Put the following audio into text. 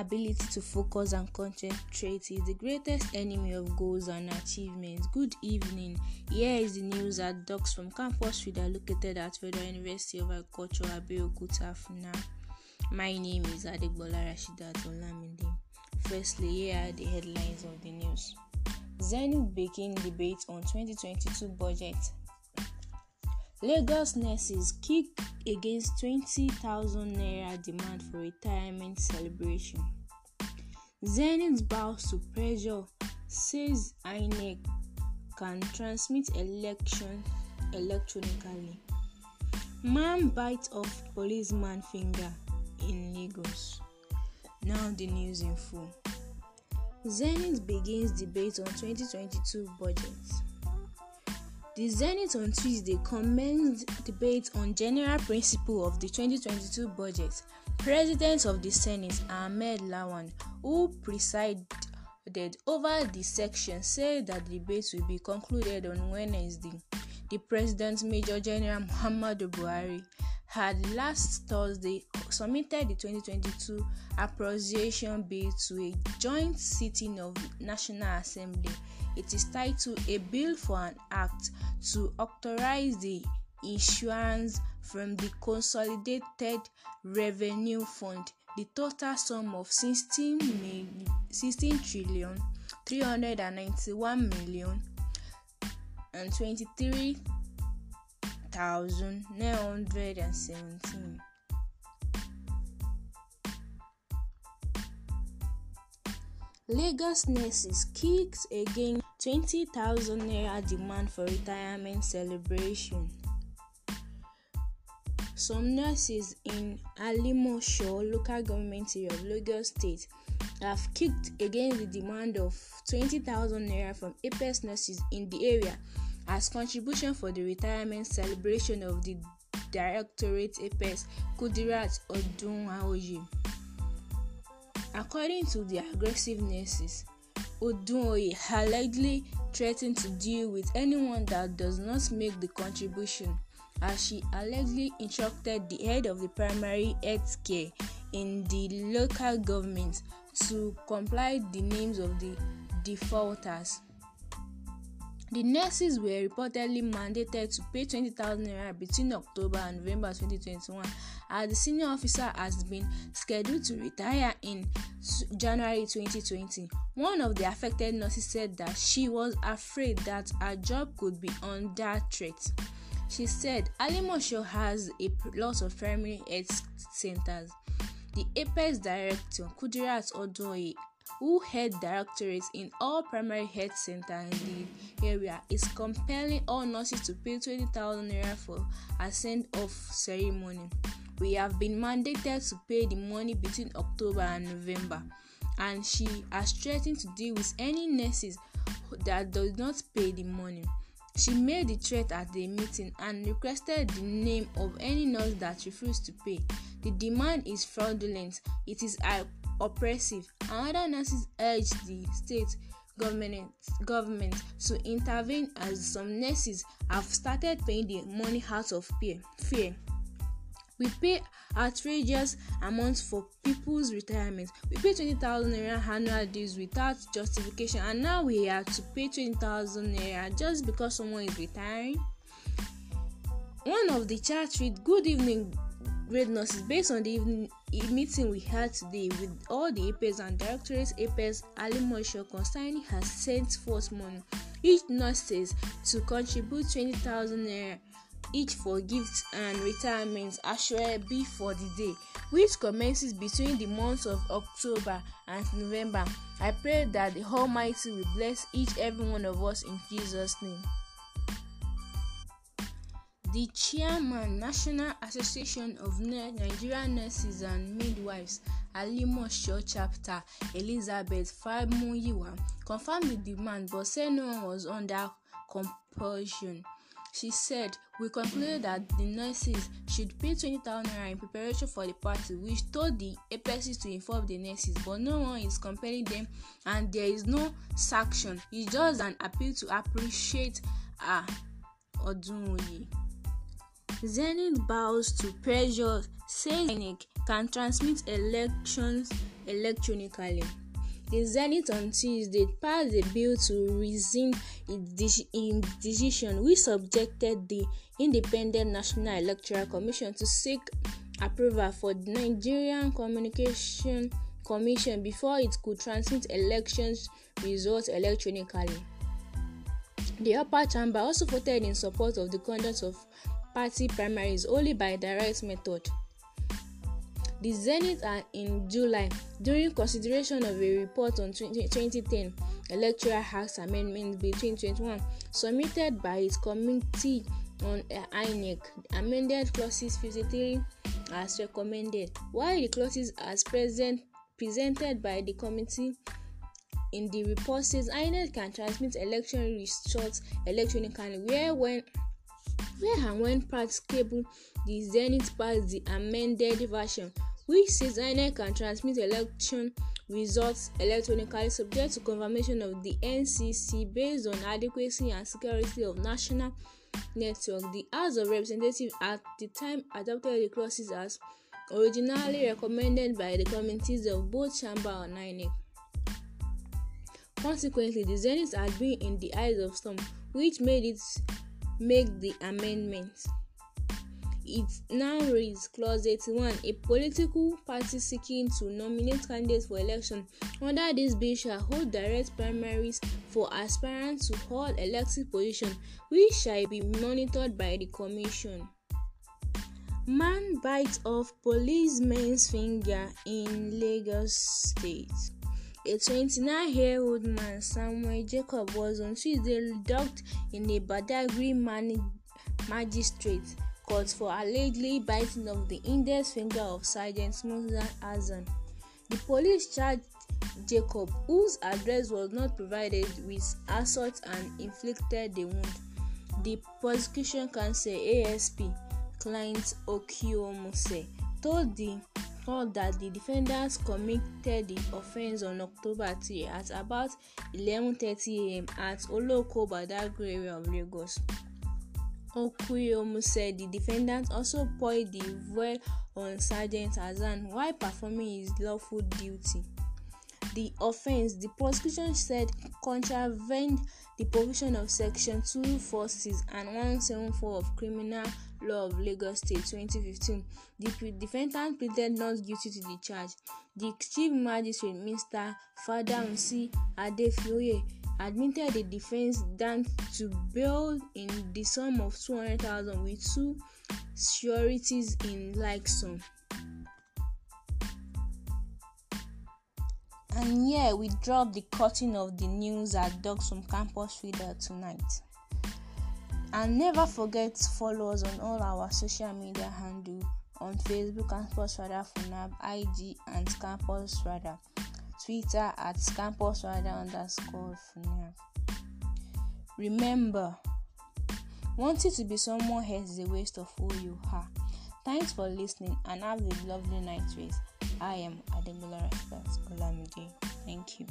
ability to focus and concentrate is the greatest enemy of goals and achievements. Good evening. Here is the news at Docs from Campus Reader located at Federal University of Agriculture, Abeokuta, Funa. My name is Adegbola Rashidat Olamide. Firstly, here are the headlines of the news. Zenith begin debate on 2022 budget Lagos nurses kick against 20,000 naira demand for retirement celebration. Zenith bows to pressure, says INEC can transmit election electronically. Man bites off policeman finger in Lagos. Now the news in full. Zenith begins debate on 2022 budget. The Zenith on Tuesday commenced debate on general principle of the 2022 budget. President of the Senate, Ahmed Lawan, who presided over the section, said that the debate will be concluded on Wednesday the President Major General Muhammadu Buhari had last Thursday submitted the 2022 Appropriation Bill to a joint sitting of National Assembly. It is titled A Bill for an Act to Authorize the Insurance from the Consolidated Revenue Fund. The total sum of 16, mil- 16 trillion 391 million and twenty-three thousand nine hundred and seventeen. Lagos nurses kicks against thousand naira demand for retirement celebration. Some nurses in Alimosho, local government area of Lagos State, have kicked against the demand of twenty thousand naira from APS e nurses in the area As contribution for the retirement celebration of the Directorate Apex Kudirat Odun According to the aggressiveness, Odunoye allegedly threatened to deal with anyone that does not make the contribution, as she allegedly instructed the head of the primary health care in the local government to comply the names of the defaulters. The nurses were reportedly mandated to pay 20,000 between October and November 2021, as the senior officer has been scheduled to retire in January 2020. One of the affected nurses said that she was afraid that her job could be under threat. She said Alimosho has a lot of primary health centers. The apex director, Kudirat Odoye, who head directorates in all primary health centers in the area is compelling all nurses to pay twenty thousand naira for send off ceremony. We have been mandated to pay the money between October and November, and she has threatened to deal with any nurses that does not pay the money. She made the threat at the meeting and requested the name of any nurse that refused to pay. The demand is fraudulent, it is uh, oppressive, Another nurses urged the state government government to intervene as some nurses have started paying their money out of fear. fear. We pay outrageous amounts for people's retirement. We pay 20,000 naira annual dues without justification, and now we have to pay 20,000 naira just because someone is retiring. One of the chat read, Good evening, grade nurses based on the e, meeting we had today with all the APEs and directors, APEs Alimosho concerning has sent forth money each nurses to contribute 20,000 naira each for gifts and retirements retirement ashwebi for the day which commences between the months of october and november i pray that the almighty will bless each every one of us in jesus name the chairman National Association of Nigerian Nurses and Midwives Alimosho chapter Elizabeth Famuyiwa confirmed the demand but said no one was under compulsion. She said, We concluded that the nurses should pay twenty thousand naira in preparation for the party, which told the APC to inform the nurses, but no one is compelling them and there is no sanction. It's just an appeal to appreciate her. Odunwoye. Zenith bows to pressure, says Zenith can transmit elections electronically. The Senate on Tuesday passed a bill to rescind its decision, which subjected the Independent National Electoral Commission to seek approval for the Nigerian Communication Commission before it could transmit elections results electronically. The upper chamber also voted in support of the conduct of party primaries only by direct method. The Zenith are in July during consideration of a report on 2010 Electoral Acts Amendment between 21 submitted by its committee on INEC. Amended clauses 53 as recommended, while the clauses as present, presented by the committee in the report says INEC can transmit election results electronically, where when Where and when cable the Zenith passed the amended version, which says INEC can transmit election results electronically subject to confirmation of the NCC based on adequacy and security of national network. The House of Representatives at the time adopted the clauses as originally recommended by the committees of both chamber and INEC. Consequently, the Zenith had been in the eyes of some, which made it make the amendment. It now reads Clause 81 A political party seeking to nominate candidates for election under this bill shall hold direct primaries for aspirants to hold elected positions, which shall be monitored by the Commission. Man bites off policeman's finger in Lagos State. A 29 year old man, Samuel Jacob, was on Tuesday docked in a Badagry man- magistrate court for allegedly biting off the index finger of Sergeant Musa Azan. The police charged Jacob, whose address was not provided, with assault and inflicted the wound. The prosecution counsel ASP, client Okiomose, told the recalled that the defendants committed the offence on October 3 at about 11:30 a.m. at Oloko Badagry area of Lagos. Okuyomu said the defendants also poured the fuel on Sergeant Hassan while performing his lawful duty. The offence, the prosecution said, contravened the provision of Section 246 and 174 of Criminal Law of Lagos State 2015, the defendant pleaded not guilty to the charge. The Chief Magistrate, Mr. Fadamsi Adefioye, admitted the defence done to bail in the sum of 200,000 with two sureties in like sum. And here yeah, we drop the cutting of the news that dogs from campus reader tonight. And never forget to follow us on all our social media handle on Facebook Campus Radar Funab, IG and Campus Radar, Twitter at Campus Radar underscore Funab. Remember, wanting to be someone else is a waste of who you are. Thanks for listening and have a lovely night, race. I am Ademola Respect Olamide. Thank you.